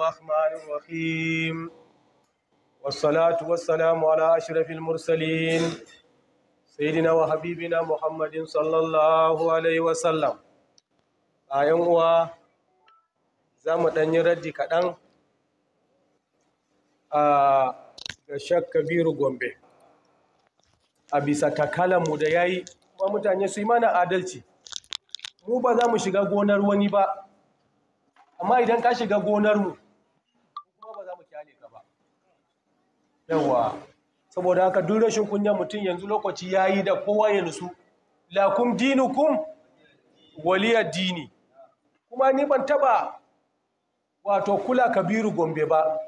الرحمن الرحيم والصلاة والسلام على أشرف المرسلين سيدنا وحبيبنا محمد صلى الله عليه وسلم أيوة uwa za mu ɗanyi raddi kaɗan ga shak kabiru gombe a bisa takalanmu da ya yi kuma mutane mana adalci mu ba za mu shiga gonar wani ba amma idan ka shiga gonarmu yawa saboda haka duk rashin kunya mutum yanzu lokaci yayi da kowa ya nusu lakum dinukum waliyar dini kuma ni ban taba wato kula kabiru gombe ba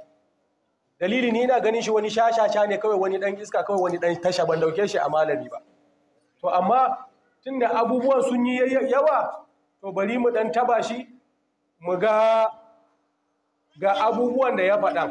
dalili ni ina ganin shi wani shashasha ne kawai wani dan iska kawai wani dan tasha ban dauke shi a malami ba to amma tunda abubuwan sun yi yawa to bari mu dan taba shi mu ga ga abubuwan da ya faɗa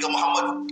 ga Muhammad.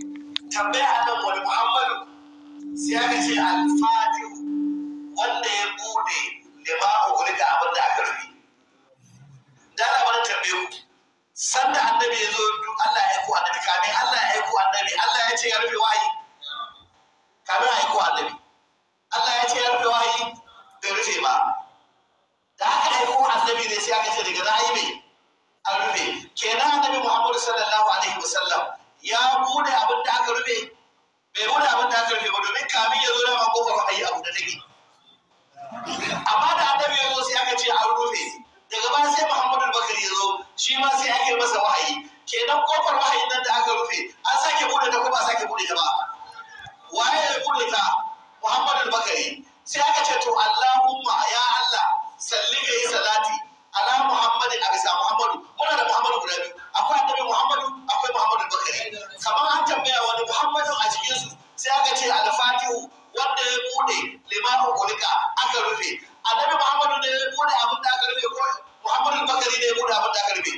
daga fatihu wanda ya bude limamin kulika aka rufe annabi muhammadu ne ya bude abin da aka rufe ko muhammadu bakari ne ya bude abin da aka rufe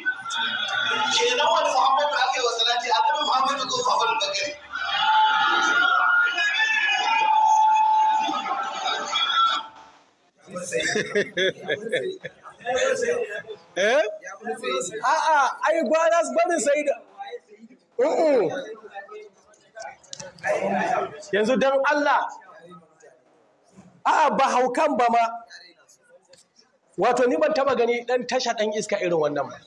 kenan wani muhammadu aka yi wa salati annabi muhammadu ko muhammadu bakari eh a'a ai gwanas barin sai da yanzu don Allah a ba haukan ba ma wato ni ban taba gani dan tasha dan iska irin wannan ba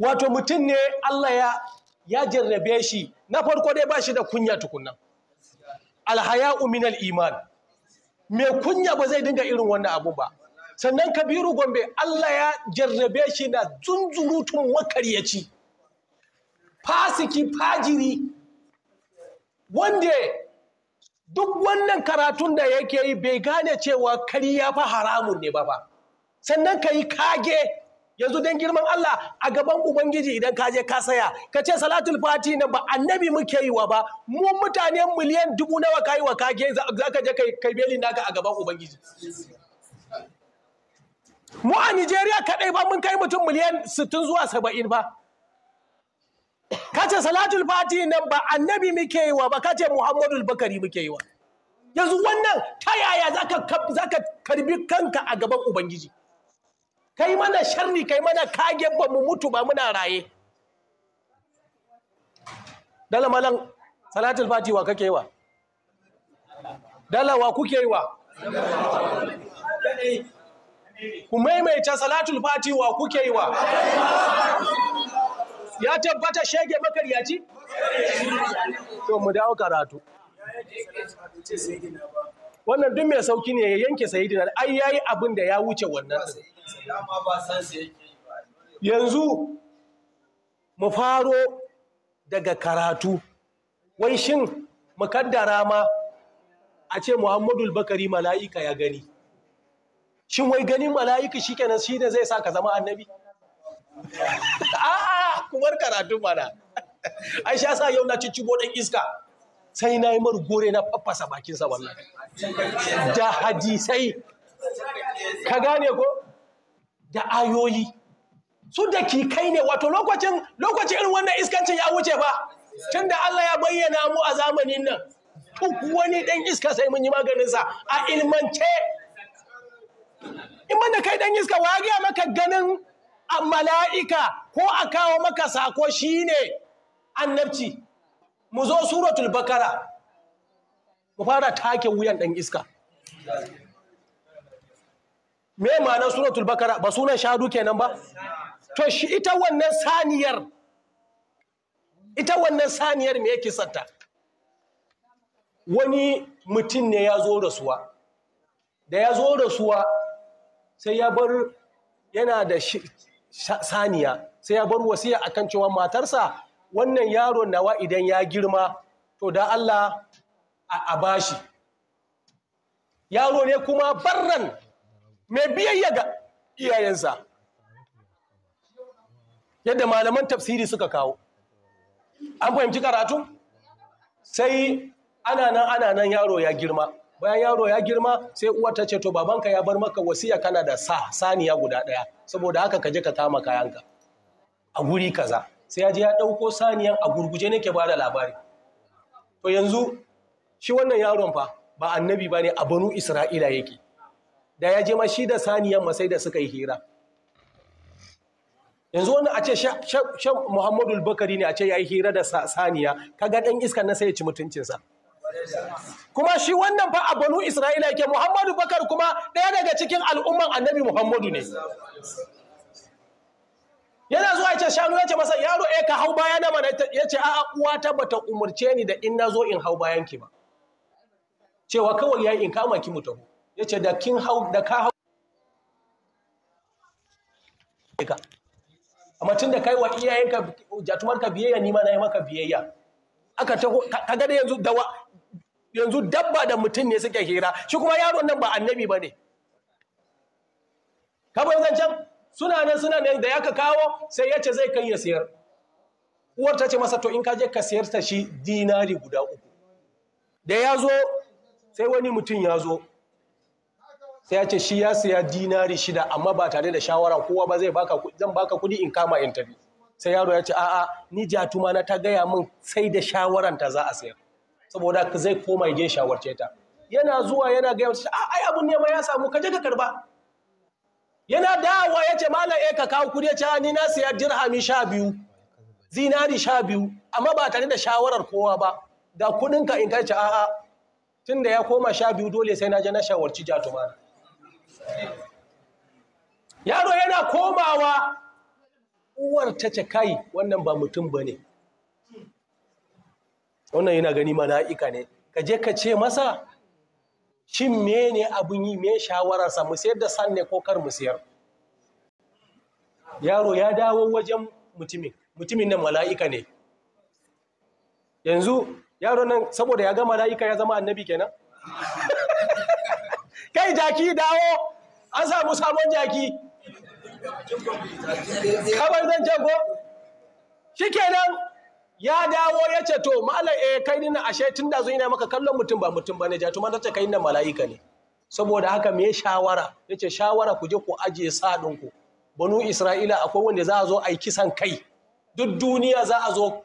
wato mutum ne Allah ya ya jarrabe shi na farko dai ba shi da kunya tukunna alhaya'u minal iman mai kunya ba zai dinga irin wannan abu ba sannan kabiru gombe Allah ya jarrabe shi na zunzurutun makaryaci fasiki fajiri wanda duk wannan karatun da yake yi bai gane cewa kari ya fi haramun ne ba ba, sannan ka yi kage yanzu don girman Allah a gaban Ubangiji idan ka je ka saya ka ce salatul fati na ba annabi muke yi wa ba mu mutane miliyan dubu nawa ka yi wa kage za ka je kai beli naka a gaban Ubangiji mu a Nijeriya kaɗai ba mun kai mutum miliyan sittin zuwa saba'in ba kace salatul fati nan ba annabi muke yi wa ba kace muhammadul bakari muke yi wa yanzu wannan ta yaya zaka zaka karbi kanka a gaban ubangiji kai mana sharri kai mana kage ba mu mutu ba muna raye dala malan salatul fati wa kake yi wa dala wa kuke yi wa ku maimaita salatul fati wa kuke yi wa ya tabbata shege makaryaci to mu dawo karatu wannan duk mai sauki ne ya yanke sayidina ai yayi abin da ya wuce wannan yanzu mu faro daga karatu wai shin mukaddara ma a ce muhammadul bakari mala'ika ya gani shin wai ganin mala'ika shikenan shi ne zai sa ka zama annabi a'a ku bar karatu mana ai sha sa yau na ciccibo dan iska sai na yi mar gore na faffasa bakinsa wallahi da hadisai ka gane ko da ayoyi su da kai ne wato lokacin lokacin irin wannan iskancin ya wuce fa tun da Allah ya bayyana mu a zamanin nan duk wani dan iska sai mun yi sa a ilmance in da kai dan iska wa ya maka ganin a mala'ika ko a kawo maka sako shi shine annabci mu zo suratul bakara mu fara take wuyan ɗan iska me ma'anar suratul bakara ba sunan shadu kenan ba to shi ita wannan saniyar ita wannan saniyar me yake santa wani mutum ne ya zo rasuwa da ya zo rasuwa sai ya bar yana da saniya sai ya bar wasiya akan cewa matarsa wannan yaro nawa idan ya girma to da Allah a bashi yaro ne kuma barran mai biyayya ga iyayensa yadda malaman tafsiri suka kawo an fahimci karatu sai ana nan ana nan yaro ya girma bayan yaro ya girma sai uwar ta ce to babanka ya bar maka wasiya kana da sa saniya guda ɗaya saboda haka ka je ka kama kayanka a guri kaza sai ya je ya ɗauko saniyan a gurguje nake ba da labari to yanzu shi wannan yaron fa ba annabi ba ne a banu isra'ila yake da ya je ma shi da saniyan sai da suka yi hira yanzu wannan a ce shan muhammadu bakari ne a ce ya yi hira da saniya kaga ɗan iska na sai ya ci mutuncinsa kuma shi wannan fa a banu isra'ila yake muhammadu bakar kuma ɗaya daga cikin al'umman annabi muhammadu ne yana zuwa ce shanu ya ce masa yaro eh ka hau baya na mana ya ce a'a uwa ta bata ni da in na zo in hau bayan ki ba cewa kawai yi in kama ki mutu taho ya ce da kin hau da ka hau amma tun da kai wa iyayenka jatumarka biyayya ni ma na yi maka biyayya aka ta kaga yanzu da yanzu dabba da mutum ne suke hira shi kuma yaron nan ba annabi ba ne ka bai zancen suna nan suna nan da ya ka kawo sai ya ce zai kai ya sayar uwar ta ce masa to in ka je ka sayar ta shi dinari guda uku da ya zo sai wani mutum ya zo sai ya ce shi ya siya dinari shida amma ba tare da shawara kowa ba zai baka zan baka kudi in kama in tafi sai yaro ya ce a'a ni jatuma na ta gaya min sai da shawaranta za a sayar saboda ka zai koma ya shawarce ta yana zuwa yana gaya mata ai abun nema ya samu ka je ka karba yana dawowa ya ce malam eh ka kawo kudi ya ni na siya dirhami sha biyu zinari sha biyu amma ba tare da shawarar kowa ba da kudinka in kai ce a'a Tunda ya koma sha biyu dole sai na je na shawarci jatuma yaro yana komawa uwar ta ce kai wannan ba mutum ba ne wannan yana gani mala'ika ne ka je ka ce masa shin mene abun yi me shawararsa mu sayar da san ne ko kar musayar sayar yaro ya dawo wajen mutumin mutumin nan mala'ika ne yanzu yaro nan saboda ya ga mala'ika ya zama annabi kenan kai jaki dawo an samu sabon jaki kabar zan jago kenan ya dawo ya ce to malam e kai ni ashe tun da zo ina maka kallon mutum ba mutum bane ja to man tace kai na mala'ika ne saboda haka me shawara yace shawara ku je ku ajiye sadin ku banu isra'ila akwai wanda za a zo a yi kisan kai duk duniya za a zo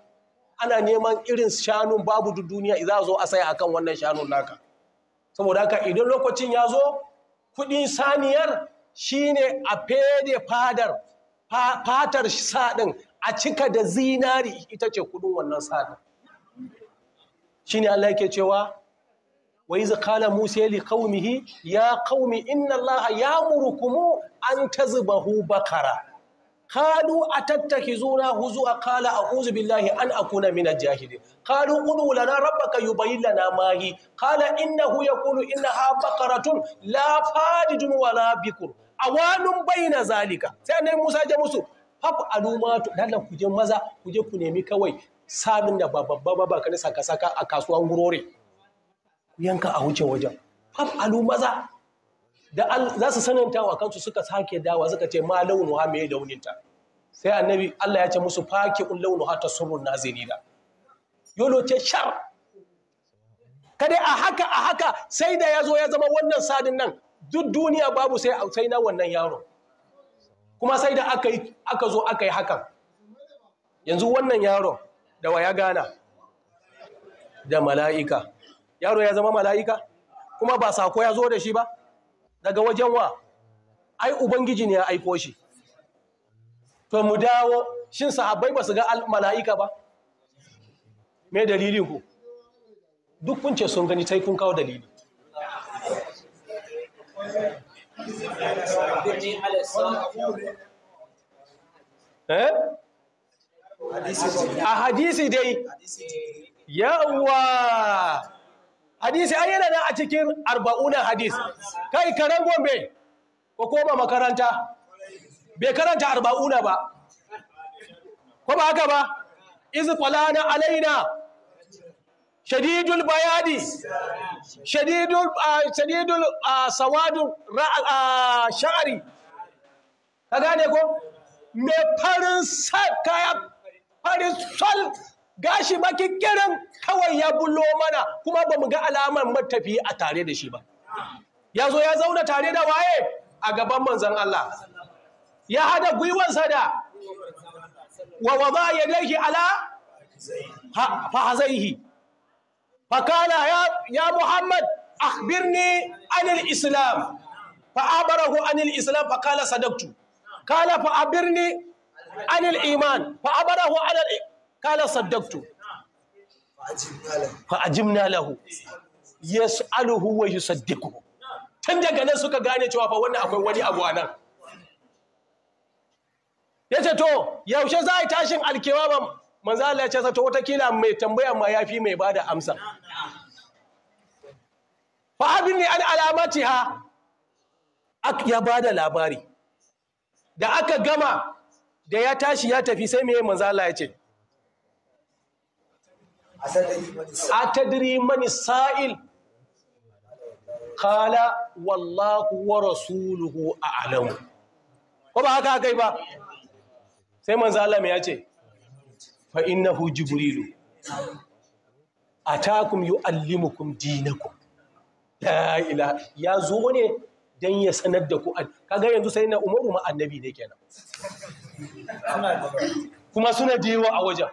ana neman irin shanu babu duk duniya za a zo a saya akan wannan shanun naka saboda haka idan lokacin ya zo kudin saniyar shine a fede fadar fatar sadin a cika da zinari ita ce kudin wannan sa'adar shine Allah yake cewa wa iz qala musa li qaumihi ya kaumi inna ya murukumu an tazbahu bakara qalu atattakizuna huzua a a'udhu billahi an akuna min jahili jahilin qalu qulu lana rabbaka yubayyin lana inna hu qala innahu yaqulu innaha baqaratun la fadidun wala bikur awanun na zalika sai annabi musa ya musu fafu aluma to dallan kuje maza ku ku nemi kawai samin da babba ba kana saka saka a kasuwan gurore ku yanka a wuce wajen fafu alu maza da za su sananta wa kansu suka sake dawa suka ce ma launu ha mai launin ta sai annabi Allah ya ce musu faki un launu ha tasurrun nazirina yolo ce shar kada a haka a haka sai da ya zo ya zama wannan sadin nan duk duniya babu sai sai na wannan yaro kuma sai da aka zo aka yi hakan yanzu wannan yaron da wa gana da mala'ika yaro ya zama mala'ika kuma ba sako ya zo da shi ba daga wajen wa ai ubangiji ne ya aiko shi to mu dawo shin sahabbai ba su ga mala'ika ba me dalilin ku duk kun ce sun gani sai kun kawo dalili Eh? a hadisi dai yawwa hadisi an yana nan a cikin arba'unan hadis kai karen gombe ko koma makaranta bai karanta arba'una ba ko ba haka ba izu kwalana alaina shadidul bayadi shadidul shadidul sawadu sha'ari ka gane ko me farin kaya farin sol gashi makikirin kawai ya bullo mana kuma ba mu ga alamar matafi a tare da shi ba ya zo ya zauna tare da waye a gaban manzan Allah ya hada sa da wa waza ya ala fa hazaihi فقال يا يا محمد أخبرني عن الإسلام فأخبره عن الإسلام فقال صدقت قال فأخبرني عن الإيمان فأخبره عن ال... قال صدقت فأجبنا له يسأله ويصدقه tun daga nan suka gane cewa fa wannan akwai wani abu a nan ya ce to yaushe za a yi tashin alkewama manzo Allah ya ce sato watakila mai tambaya ma yafi mai bada amsa fa abinni an alamatiha ak ya bada labari da aka gama da ya tashi ya tafi sai me manzo Allah ya ce atadri man sa'il kala wallahu wa rasuluhu a'lamu ko ba haka kai ba sai manzo Allah me ya ce fa innahu jibrilu atakum yuallimukum dinakum la ila ya zo ne dan ya sanar da ku kaga yanzu sai na umaru ma annabi ne kenan kuma suna dewa a wajen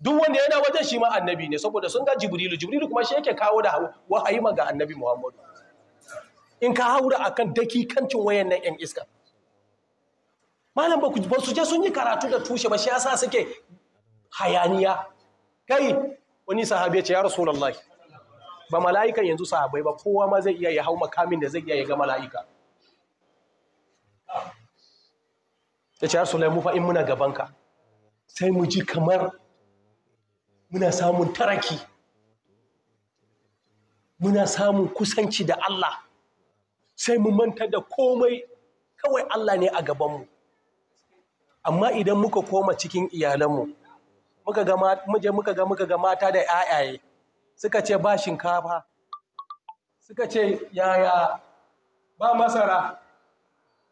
duk wanda yana wajen shi ma annabi ne saboda sun ga jibrilu jibrilu kuma shi yake kawo da wahayi ga annabi muhammadu in ka haura akan dakikancin wayan nan yan iska malam ba ku su je sun yi karatu da tushe ba shi yasa suke hayaniya kai wani sahabi ya ce ya rasulullahi ba mala'ikan yanzu sahabai ba kowa ma zai iya ya hau makamin da zai iya ya ga mala'ika ta ce ya rasulullahi fa in muna gabanka sai mu ji kamar muna samun taraki muna samun kusanci da Allah sai mu manta da komai kawai Allah ne a gabanmu amma idan muka koma cikin iyalanmu muka ga ga mata da ayaye suka ce ba shinkafa suka ce yaya ba masara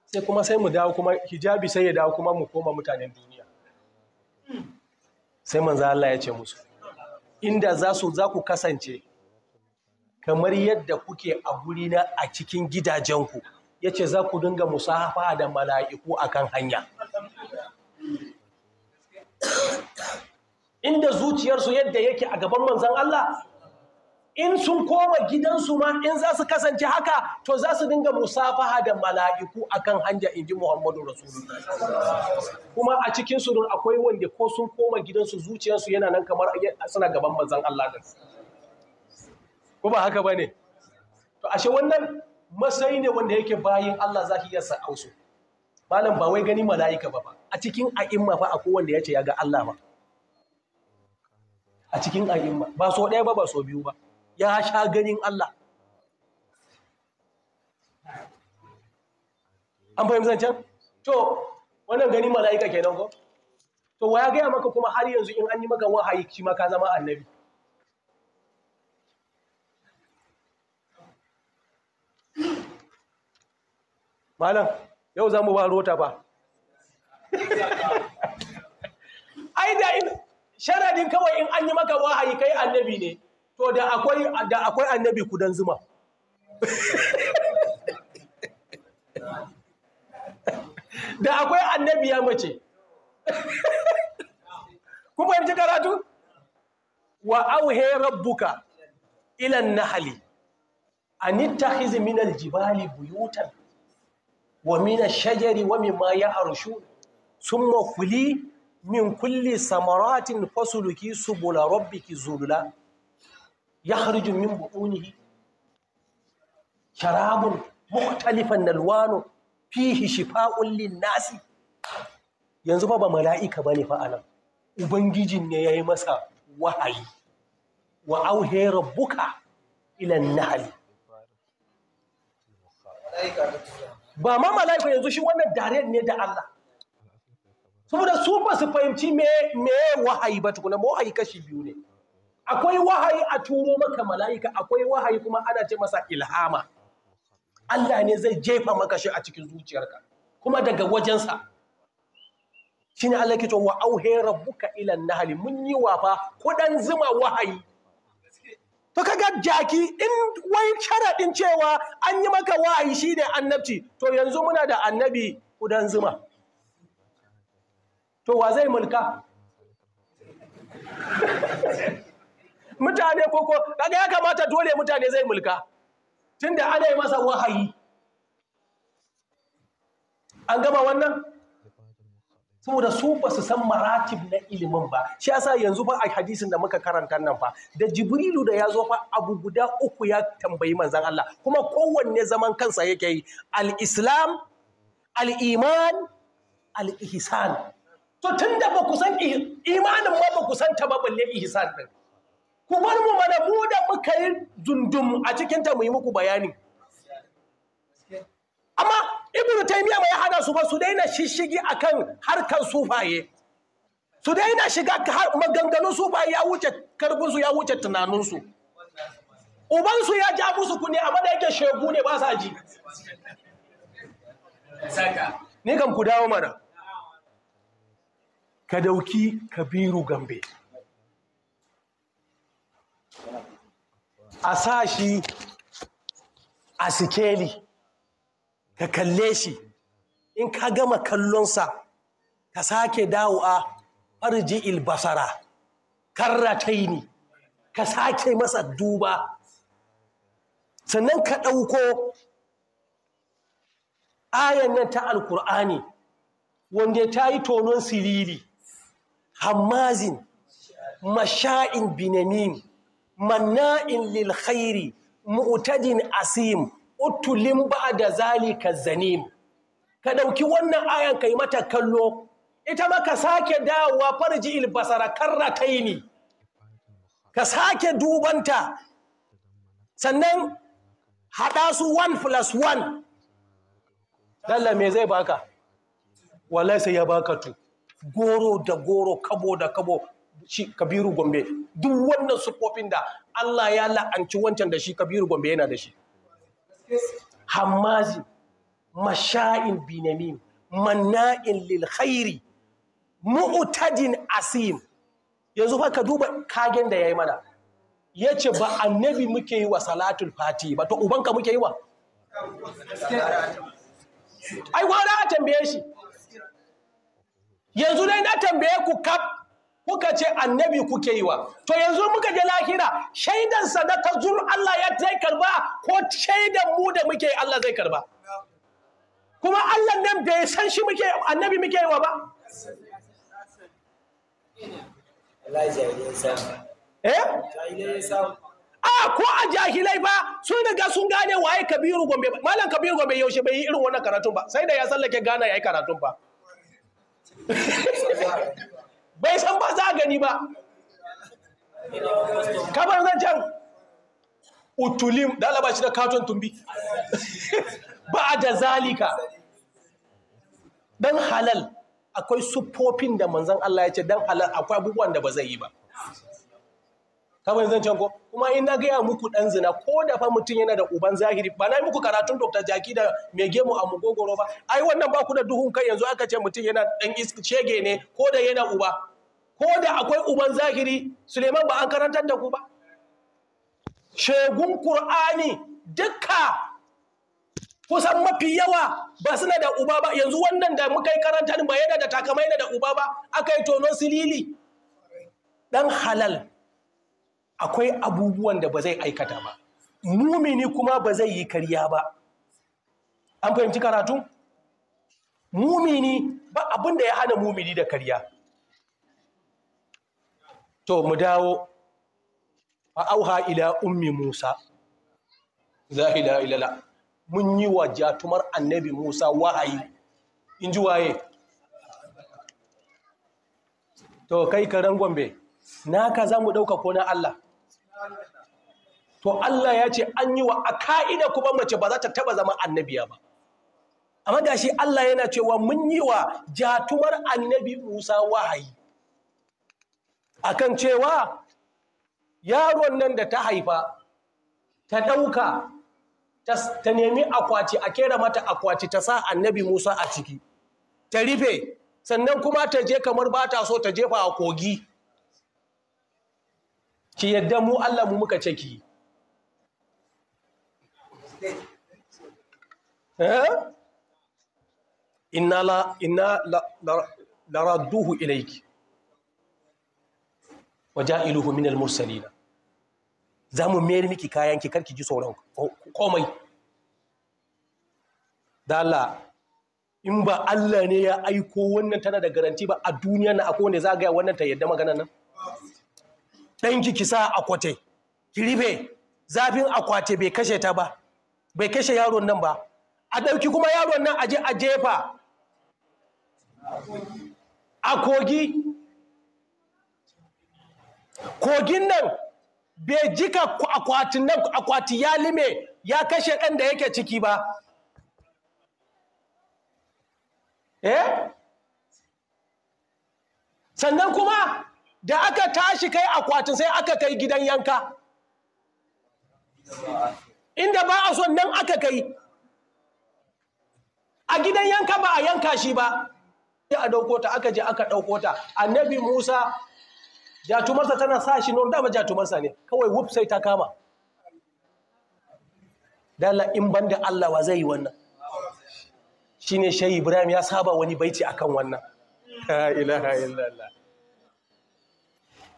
sai kuma sai mu dawo kuma hijabi sai ya dawo kuma mu koma mutanen duniya sai manzo Allah ya ce musu inda za su za ku kasance kamar yadda kuke a gurina a cikin gidajenku ya ce za ku dinga musafa da mala'iku akan hanya inda zuciyarsu yadda yake a gaban manzan Allah in sun koma gidansu ma in za su kasance haka to za su dinga musafaha da mala'iku akan hanya in ji Muhammadu Rasulullah kuma a cikin don akwai wanda ko sun koma gidansu zuciyarsu yana nan kamar suna gaban manzan Allah da su ba haka ba ne? to ashe wannan masayi ne wanda yake bayan Allah za zaki iya sa'ausu malam ba wai gani mala'ika ba ba a cikin a'imma fa akwai wanda ya ce ya ga Allah ba a cikin a'imma ba so ɗaya ba ba so biyu ba ya sha ganin Allah an fahimci zancen to wannan gani mala'ika kenan ko to wa ya gaya maka kuma har yanzu in an yi maka wahayi shi ma ka zama annabi malam yau za mu ba rota ba ai da in sharadin kawai in an yi maka wahayi kai annabi ne to da akwai annabi kudan zuma da akwai annabi ya mace kuma fahimci karatu wa auhe rabbuka ilan nahali an ittakhiz min al-jibali buyutan Wamina mina shajari wa ya arshu sun kuli min kulli samaratin fasuluki subula rabbiki zulula ya harjun min buɗunihi sharabun mukhtalifan nalwano fihi shifa'un linnasi yanzu ba ba mala'ika bane fa anan ubangijin ne yayi masa wahayi wa auhe rabbuka ila nahli ba ma mala'iku yanzu shi wannan dariyar ne da Allah saboda su ba su fahimci me wahayi ba tukuna wahayi kashi biyu ne akwai wahayi a turo maka mala'ika akwai wahayi kuma ana ce masa ilhama Allah ne zai jefa maka shi a cikin zuciyarka kuma daga wajensa shine Allah ke cewa wa auhe rabbuka ila nahli mun yi wafa kudan zuma wahayi to kaga jaki in wai sharaɗin cewa an yi maka wa'ayi shine annabci to yanzu muna da annabi kudan zuma to wa zai mulka mutane koko kaga ya kamata dole mutane zai mulka tunda ana yi masa wahayi an gama wannan saboda su ba su san maratib na ilimin ba shi yasa yanzu fa a hadisin da muka karanta nan fa da jibrilu da ya zo fa abu guda uku ya tambayi manzan Allah kuma kowanne zaman kansa yake yi al-islam al-iman al-ihsan to tunda ba ku san imanin ma ba ku san ta ba balle ihsan din ku bar mu mana mu da muka dundum a cikin ta mu muku bayani amma Ibn taymiya bai hada su ba su daina shishigi akan harkar sufaye su daina shiga maganganun sufaye ya wuce karfinsu ya wuce tunaninsu su ya ja musu kuni amma da yake shegu ne ba sa ji ni kan ku dawo mana ka dauki kabiru gambe a sa shi, a sikeli ka kalle shi in ka gama kallonsa ka sake dawo a farji ilbasara karrataini ka sake masa duba sannan ka ɗauko ayan nan ta alkur'ani wanda ta yi tonon siriri hammazin masha'in binamin manna'in lil khairi mu'tadin asim utulin ba da zalika zanim ka ɗauki wannan ayan ka yi mata kallo ita ma ka sake dawowa farji ilbasara karrataini ka sake dubanta sannan haɗa su 1 plus 1 dalla me zai baka wallahi sai ya baka tu goro da goro kabo da kabo kabiru gombe duk wannan sukofin da Allah ya la'anci wancan da shi kabiru gombe yana da shi hammazi masha'in binamin manna'in lil khairi mu'tadin asim yanzu fa ka duba kagen da yayi mana yace ba annabi muke yi wa salatul fati ba to ubanka muke yi wa ai wara a tambaye shi yanzu dai na tambaye ku kaf kuka ce annabi kuke yi wa to yanzu muka je lahira shaidansa na ta zur Allah ya zai karba ko shaidan mu da muke Allah zai karba kuma Allah nan bai san shi muke annabi muke yi wa ba eh a ko a jahilai ba sun riga sun gane waye kabiru gombe ba? malam kabiru gombe yaushe bai yi irin wannan karatun ba sai da ya sallake gana ya karatun ba bai san ba za a gani ba kamar zan can utulim dalaba shi da katon tumbi ba da zalika dan halal akwai sufofin da manzan Allah ya ce dan halal akwai abubuwan da ba zai yi ba kamar zan can ko kuma in na gaya muku dan zina ko da fa mutum yana da uban zahiri ba na yi muku karatun Dr. Jaki da mai gemu a mugogoro ba ai wannan ba ku da duhun kai yanzu aka ce mutum yana dan shege ne ko da yana uba ko da akwai uban zahiri suleiman ba an karantar da ku ba shegun ƙur'ani dukka kusan mafi yawa ba suna da uba ba yanzu wannan da muka yi karantar ba yana da takamai da uba ba aka yi tonon silili Dan halal akwai abubuwan da ba zai aikata ba mumini kuma ba zai yi karya ba an fahimci karatu mumini ba abinda ya hana mumini da karya to mu dawo fa auha ila ummi musa zahila ilala mun yi wa jatumar annabi musa wahayi in ji waye to kai karen gombe ka za mu ɗauka ko na allah to allah ya ce an yi wa a ka'ida kuma mace ba za ta taba zama annabiya ba amma gashi allah yana cewa mun yi wa jatumar annabi musa wahayi akan cewa yaron nan da ta haifa ta ɗauka ta nemi akwati a kera mata akwati ta sa annabi musa a ciki ta rife. sannan kuma ta je kamar ba ta so ta jefa a kogi ki yadda mu allah mu muka ce ki eh? inna la inna la, la, la, ilaiki wa ja'iluhu minal na. za mu mayar miki kayan ki karki ji sauran komai da Allah in ba Allah ne ya aiko wannan tana da garanti ba a duniya na akwai wanda za ga wannan ta yadda magana nan Dan ki sa akwate ki ribe zafin akwate bai kashe ta ba bai kashe yaron nan ba a ɗauki kuma yaron nan aje a jefa a kogi kogin nan bai jika akwatin nan akwati ya lime ya kashe ɗan da yake ciki ba eh sannan kuma da aka tashi kai akwatin sai aka kai gidan yanka inda ba a son nan aka kai a gidan yanka ba a yanka shi ba a dauko ta aka je aka ɗauko ta annabi Musa jatumarsa tana sa shi nor dama jatumarsa ne kawai wuf sai ta kama dala in ban da Allah wa zai yi wannan ne shayi Ibrahim ya saba wani baiti kan wannan la ilaha illallah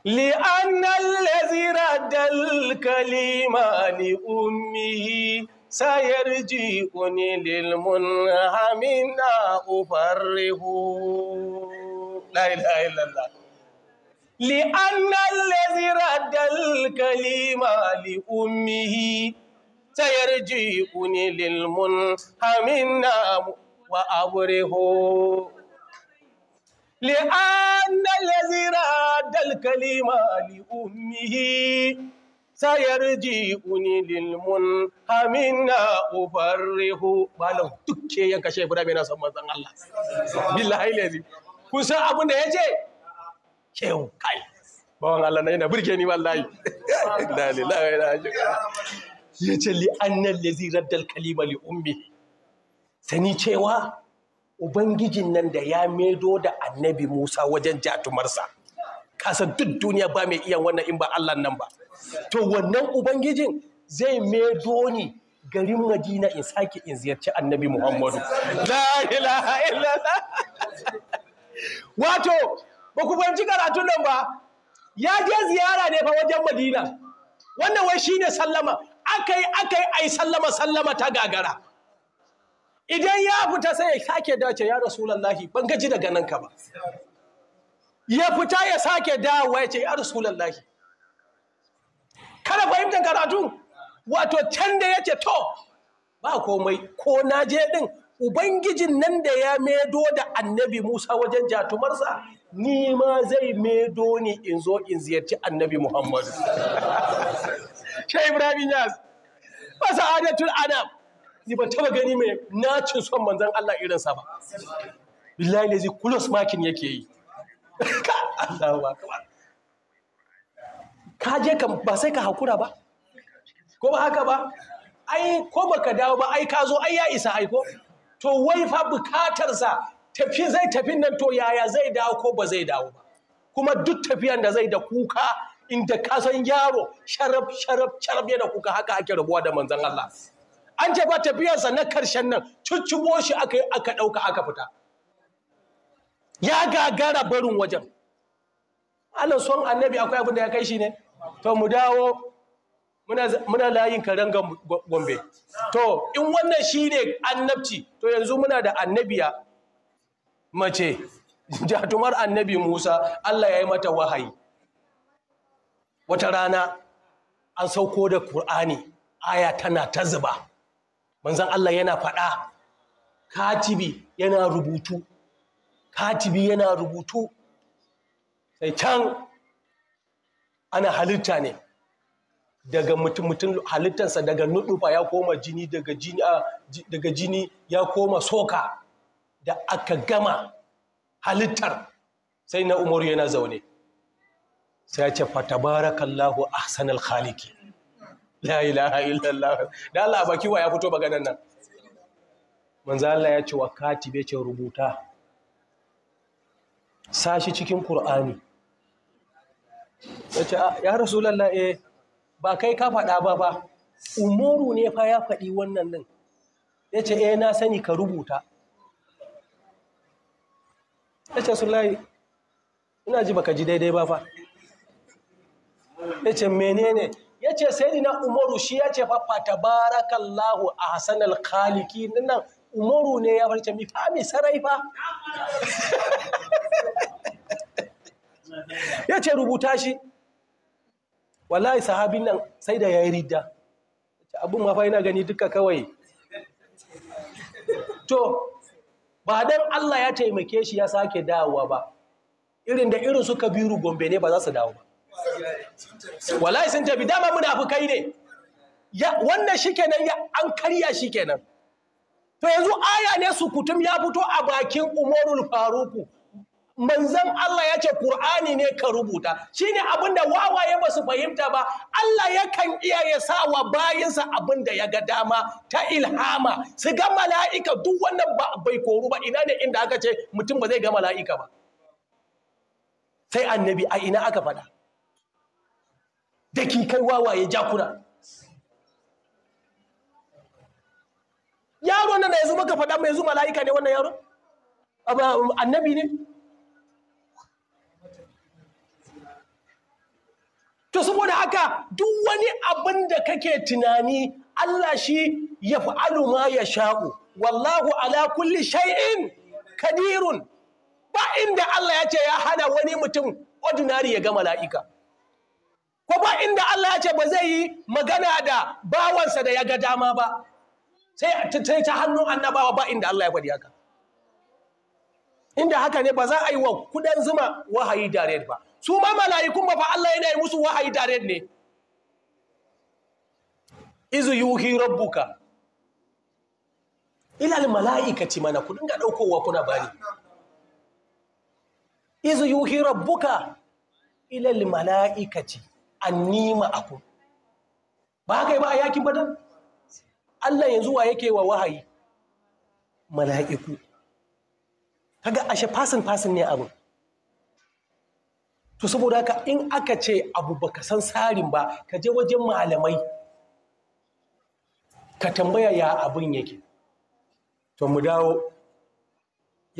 لأن الذي رد الكلمة لأمه سيرجئني للمنعم لا أفرح لا li’annalle zira dalkalima li’ummihi ta yarji kuni lilmun hamina wa aburiho. li’annalle zira dalkalima li’ummihi ta yarji kuni lilmun hamina ubarriho balon duk ke yanka shaifu da mai nasan mazan Allah. billahi Kusa kusan da ya ce kyau kai bawan Allah na yana burge ni wallahi inna lillahi wa ya ce li annal ladhi raddal kalima li ummi sani cewa ubangijin nan da ya medo da annabi Musa wajen jatumarsa kasan duk duniya ba mai iya wannan in ba Allah nan ba to wannan ubangijin zai medo ni garin Madina in sake in ziyarci annabi Muhammadu la wato ba ku fahimci karatun nan ba ya je ziyara ne fa wajen madina wannan wai shine sallama akai akai ai sallama sallama ta gagara idan ya fita sai ya sake dace ya rasulullahi ban gaji daga nan ka ba ya fita ya sake dawowa ya ce ya rasulullahi kana fahimtar karatu wato can da yace to ba komai ko na je din ubangijin nan da ya medo da annabi Musa wajen jatumarsa ni ma zai medo ni in zo in ziyarci annabi Muhammadu. Shai Ibrahim Yas, ba sa'adatul anam, ni ba taba gani mai nacin son manzan Allah irinsa ba. Billahi ne zai kulos makin yake yi. Ka je ka ba sai ka hakura ba, ko ba haka ba, ai ko baka dawo ba ai ka zo ai ya isa aiko? to wai fa bukatarsa tafi zai tafi nan to yaya zai dawo ko ba zai dawo ba kuma duk tafiyan da zai da kuka inda ka san yaro sharaf sharaf sharaf yana kuka haka ake rabuwa da manzon Allah an ce ba tafiyarsa na karshen nan cuccubo shi aka yi aka ɗauka aka fita ya gagara barin wajen Allah son annabi akwai abin da ya kai shi ne to mu dawo muna layin karen gombe to in wannan shi ne annabci to yanzu muna da annabiya mace jatumar annabi Musa Allah ya yi mata wahayi wata rana an sauko da Kur'ani aya tana ta zuba manzan Allah yana faɗa katibi yana rubutu katibi yana rubutu sai can ana halitta ne daga mutum halittarsa daga nuɗufa ya koma jini daga jini ya koma soka da aka gama halittar sai na umaru yana zaune sai ce fatabarakallahu ahsanal khaliki la ilaha illallah da Allah baki wa ya fito maganan nan manzo Allah ya ce wa katibe ce rubuta sashi cikin qur'ani ce ah, ya rasulullah eh ba kai ka faɗa ba ba umaru ne fa ya faɗi wannan din yace eh na sani ka rubuta ya ce layi ina ji baka ji daidai ba fa ya ce menene ya ce sai ni na umaru shi ya ce barakan tabarakallahu a hasanal khaliki nan umaru ne ya farce mi fami sarai fa ya ce rubuta shi wallahi sahabin nan sai da ya yi ridda abin mafa yana gani duka kawai to ba dan Allah ya taimake shi ya sake dawowa ba irin da irin su kabiru gombe ne ba za su dawo ba wallahi sun tafi dama munafukai ne wannan shikenan an karya shi shikenan to yanzu aya ne su kutum ya fito a bakin umarul faruku manzan Allah ya ce Kur'ani ne ka rubuta Shi abin da wawaye ba su fahimta ba Allah yakan iya ya sa wa bayinsa abin da ya ga dama ta ilhama su ga mala'ika duk wannan ba bai koru ba ina ne inda aka ce mutum ba zai ga mala'ika ba sai annabi a ina aka faɗa kai wawaye jakuna yaro nan yanzu maka faɗa mai zuwa mala'ika ne wannan yaro annabi ne to saboda haka duk wani abin da kake tunani Allah shi ya fa'alu ma ya sha'u wallahu ala kulli shay'in kadirun ba inda Allah ya ce ya hana wani mutum ordinary ya ga mala'ika ko ba inda Allah ya ce ba zai yi magana da bawansa da ya ga dama ba sai ta hannun annabawa ba inda Allah ya faɗi haka inda haka ne ba za a yi wa kudan zuma wahayi direct ba su ma mala'ikun ba fa Allah yana yi musu wahayi tare ne izu yuhi rabbuka al mala'ikati mana ku dinga daukowa kuna bani izu yuhi rabbuka al mala'ikati annima aku ba haka yi ba a yakin badan Allah yanzu wa yake wa wahayi mala'iku kaga ashe fasin fasin ne abin to saboda haka in aka ce abu baka san tsarin ba ka je wajen malamai ka tambaya ya abin yake to mu dawo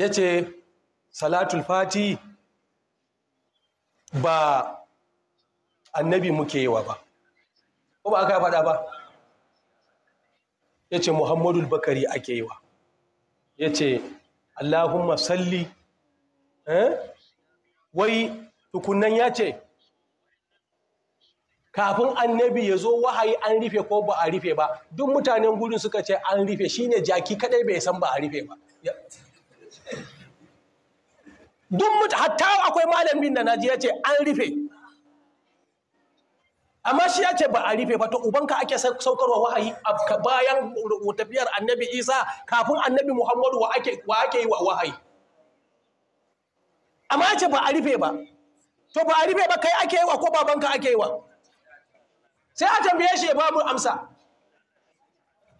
ya ce salatul fati ba annabi muke yi ba ko ba aka faɗa ba ya ce muhammadul bakari ake yi wa ya ce allahumma salli eh, wai Tukunan ya ce kafin annabi ya zo wahayi an rufe ko ba a rufe ba duk mutanen gudun suka ce an rufe shine jaki kadai bai san ba a rufe ba duk mutu hatta akwai malamin da naji ya ce an rufe amma shi ya ce ba a rufe ba to ubanka ake saukarwa wahayi bayan tafiyar annabi isa kafin annabi muhammadu wa ake yi wa wahayi amma ya ce ba a rufe ba to ba a ribe ba kai ake yi wa ko babanka ake yi wa sai a tambaye shi ya babu amsa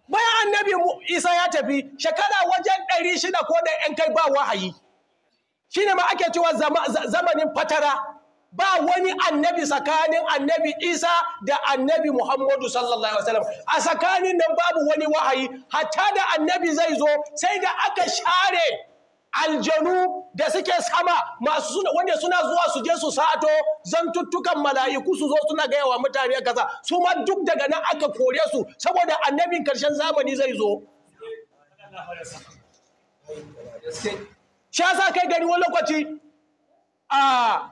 bayan annabi isa ya tafi shekara wajen ɗari shida ko da ‘yan kai ba wahayi shi ne ma ake cewa zamanin fatara ba wani annabi tsakanin annabi isa da annabi muhammadu sallallahu alaihi a tsakanin nan babu wani wahayi hatta da annabi zai zo sai da aka share aljanu da suke sama masu wanda suna zuwa su je su sato zantuttukan mala'iku su zo suna gaya wa mutane kaza su ma duk daga nan aka kore su saboda annabin karshen zamani zai zo Sha sa kai gani wani lokaci a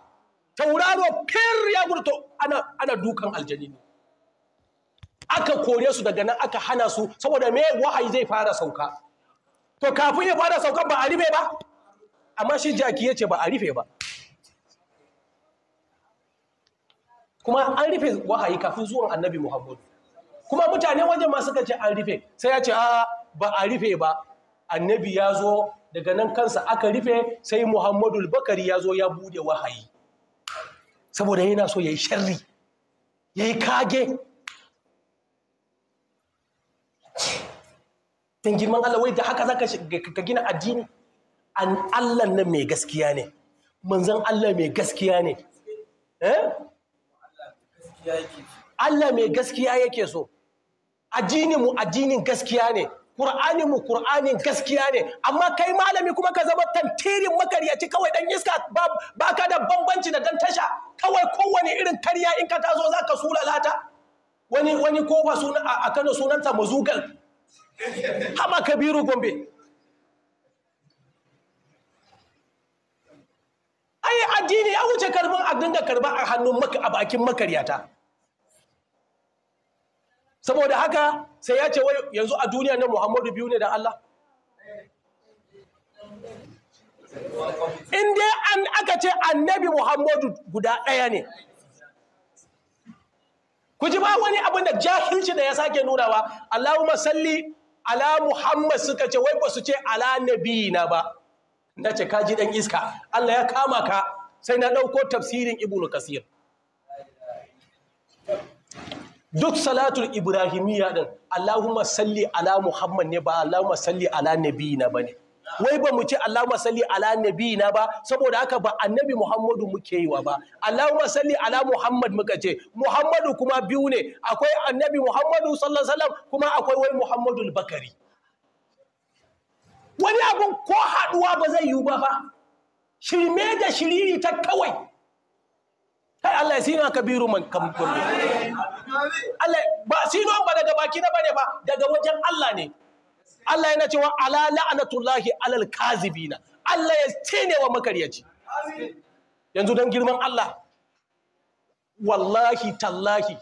tauraro fir ya gurto ana ana dukan aljani aka kore su daga nan aka hana su saboda me wahayi zai fara sauka to kafin ya fara sauka ba a ribe ba amma shi jaki ya ce ba a rufe ba kuma an rufe wahayi kafin zuwan annabi muhammadu kuma mutane wajen ma suka ce an rufe sai ya ce a ba a rufe ba annabi ya zo daga nan kansa aka rufe sai muhammadu bakari ya zo ya bude wahayi saboda yana so ya yi sharri ya yi kage don girman allah wai da haka za ka gina addini an Allah nan mai gaskiya ne manzan Allah mai gaskiya ne eh? Allah mai gaskiya yake so addini mu addinin gaskiya ne Kur'ani mu Kur'anin gaskiya ne amma kai malami kuma ka zama tantirin makaryaci kawai dan iska ba ka da bambanci da dan tasha kawai kowane irin karya in ka tazo ka sulalata wani wani kowa a Kano sunanta mazugal haɓa kabiru gombe ai addini a wuce karban a dinga karba a hannun a bakin makaryata saboda haka sai ya ce yanzu a duniya na muhammadu biyu ne da allah in dai an aka ce annabi muhammadu guda ɗaya ne ku ji ba wani abin da jahilci da ya sake nunawa allahumma salli ala muhammad suka ce wai ba su ce ala nabiyina ba na ce ji dan iska Allah ya kama ka sai na ɗauko tafsirin ibnu kasir duk salatul ibrahimiyya din Allahumma salli ala Muhammad ne ba Allahumma salli ala nabiyina bane wai ba mu ce Allahumma salli ala nabiyina ba saboda haka ba annabi Muhammadu muke yi wa ba Allahumma salli ala Muhammad muka ce Muhammadu kuma biyu ne akwai annabi Muhammadu sallallahu alaihi wasallam kuma akwai wai Muhammadul Bakari wani abin ko haɗuwa ba zai yiwu ba fa shirme da shiriri ta kawai hai Allah ya sina kabiru man kamfan Allah ba sino ba daga baki na bane ba daga wajen Allah ne Allah yana cewa ala la'natullahi alal kazibina Allah ya tene wa makaryaci yanzu don girman Allah wallahi tallahi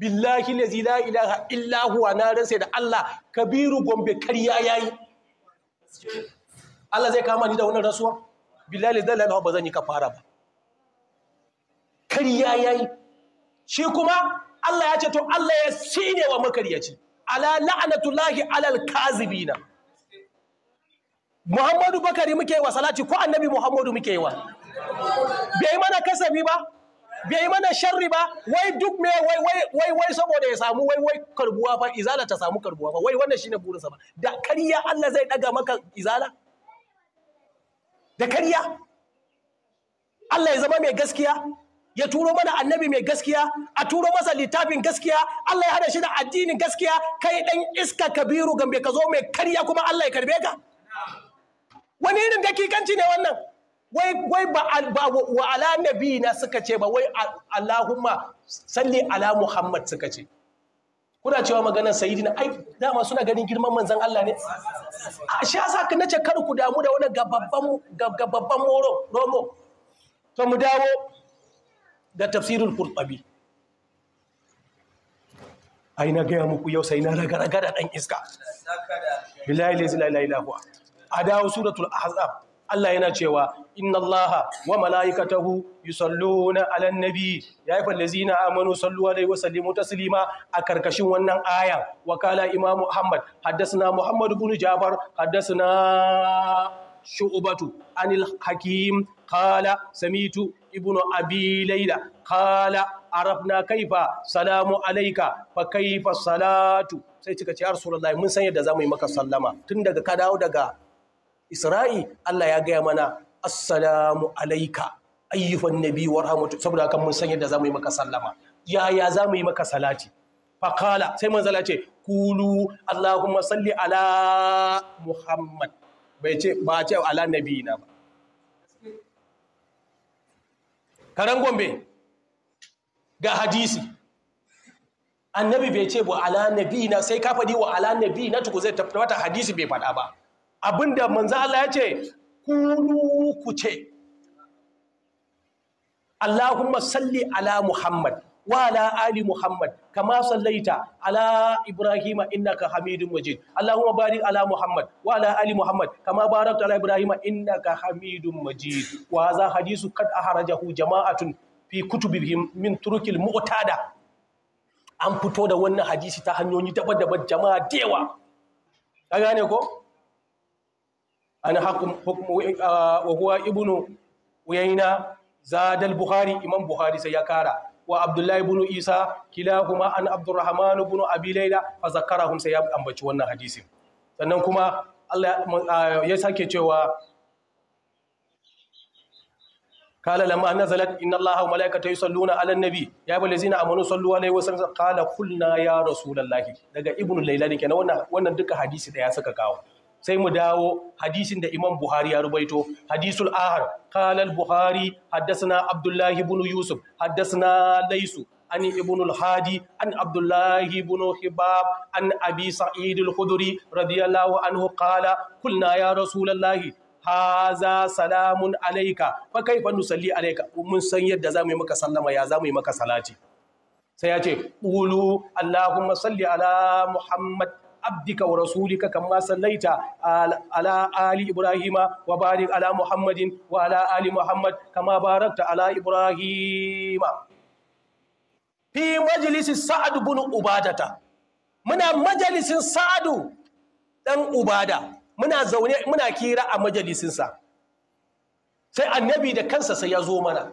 billahi lazi la ilaha illa huwa na ransa da Allah kabiru gombe karya yayi Allah zai kama ni da wannan rasuwa billahi zalla ba zan yi ka fara ba kariya yi. shi kuma Allah ya ce to Allah ya sine wa makaryaci ala la'natullahi alal kazibina Muhammadu Bakari muke yi wa salati ko annabi Muhammadu muke yi wa bai mana kasafi ba bai mana sharri ba wai duk me wai wai wai wai saboda ya samu wai wai karbuwa fa izala ta samu karbuwa fa wai wannan shine burinsa ba da kariya Allah zai daga maka izala da kariya Allah ya zama mai gaskiya ya turo mana annabi mai gaskiya a turo masa littafin gaskiya Allah ya hada shi da addinin gaskiya kai dan iska kabiru gambe ka zo mai karya kuma Allah ya karbe ka wani irin dakikanci ne wannan wai ba ala ala na suka ce ba wai Allahumma salli ala Muhammad suka ce kuna cewa maganar sayidina ai dama suna ganin girman manzan Allah ne a shi yasa ka nace kar ku damu da wani gababban gababban moro romo to mu dawo da tafsirul qurtubi ai na gaya muku yau sai na raga raga da dan iska billahi la ilaha illa huwa a dawo suratul ahzab Allah yana cewa inna Allaha wa malaikatahu yusalluna ala nabi ya ayyuhal ladzina amanu sallu alaihi wa ta taslima a karkashin wannan ayan Wakala imam Muhammad haddathana Muhammad ibn Haddasa na shu'batu anil hakim Kala samitu ibnu abi laila qala arabna kaifa salamu alaika fa kaifa salatu sai kika ce ya rasulullahi mun san yadda zamu yi maka sallama tun daga ka dawo daga isra'i Allah ya gaya mana assalamu alaika ayyuhan nabi wa rahmatu saboda kan mun san yadda zamu yi maka sallama yaya zamu yi maka salati Faƙala, sai manzala ce kulu allahumma salli ala muhammad bai ce ba ce ala na ba karan gombe ga hadisi annabi bai ce wa ala na sai ka fadi wa ala na tuku zai wata hadisi bai fada ba abinda manzo Allah ya ce kulu ku ce Allahumma salli ala Muhammad wa ala ali Muhammad kama sallaita ala Ibrahim innaka Hamidum Majid Allahumma barik ala Muhammad wa ala ali Muhammad kama barakta ala Ibrahim innaka Hamidum Majid wa za hadisu kad ahrajahu jama'atun fi kutubihim min turukil mu'tada an fito da wannan hadisi ta hanyoyi daban-daban jama'a dewa ka gane ko an hakum wa huwa ibnu uyaina zadal bukhari imam bukhari sai ya kara wa abdullahi ibn isa kilahuma an abdurrahman ibn abi laila fa zakarahum sai ya ambaci wannan hadisin sannan kuma Allah ya sake cewa kala lamma nazalat inna allaha wa malaikatahu yusalluna ala nabi ya ayyuhal zina amanu sallu alaihi wa sallam qala qulna ya rasulullahi daga ibnu laila ne kenan wannan wannan duka hadisi da ya saka kawo sai mu dawo hadisin da imam buhari ya rubaito hadisul ahar kalal buhari haddasana abdullahi ibn yusuf haddasana laisu an ibn hadi an abdullahi ibn hibab an abi sa'id al-khudri radiyallahu anhu qala kulna ya rasulullah haza salamun alayka fa kayfa nusalli alayka mun san yadda zamu yi maka sallama ya zamu yi maka salati sai ya ce qulu allahumma salli ala muhammad abdika wa rasulika kama sallaita ala ali ibrahima wa barik ala muhammadin wa ala ali muhammad kama barakta ala ibrahima fi majalisin sa'adu bin ubadata muna majalisin sa'adu dan ubada muna zaune muna kira a majalisinsa sai annabi da kansa sai ya zo mana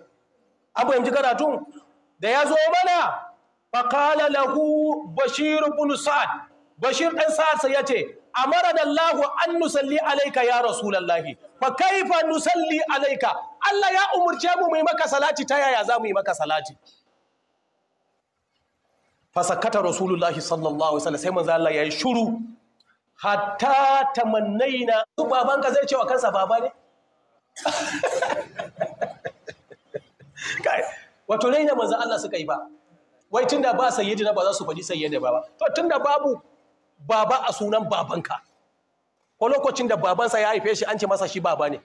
abu yanzu karatun da ya zo mana faƙala lahu bashir bin sa'ad bashir dan sa'ad ya ce amarana Allahu an nusalli alaika ya rasulullahi fa kaifa nusalli alaika Allah ya umurce mu mu yi maka salati ta yaya za mu yi maka salati Fa fasakata rasulullahi sallallahu alaihi wasallam sai manzo Allah yi shiru hatta tamannaina su babanka zai ce wa kansa baba ne kai wato raina manzo Allah suka yi ba wai tunda ba sayyidina ba za su faɗi sayyidina ba to tunda babu baba a sunan babanka ko lokacin da babansa ya haife shi an ce masa shi baba ne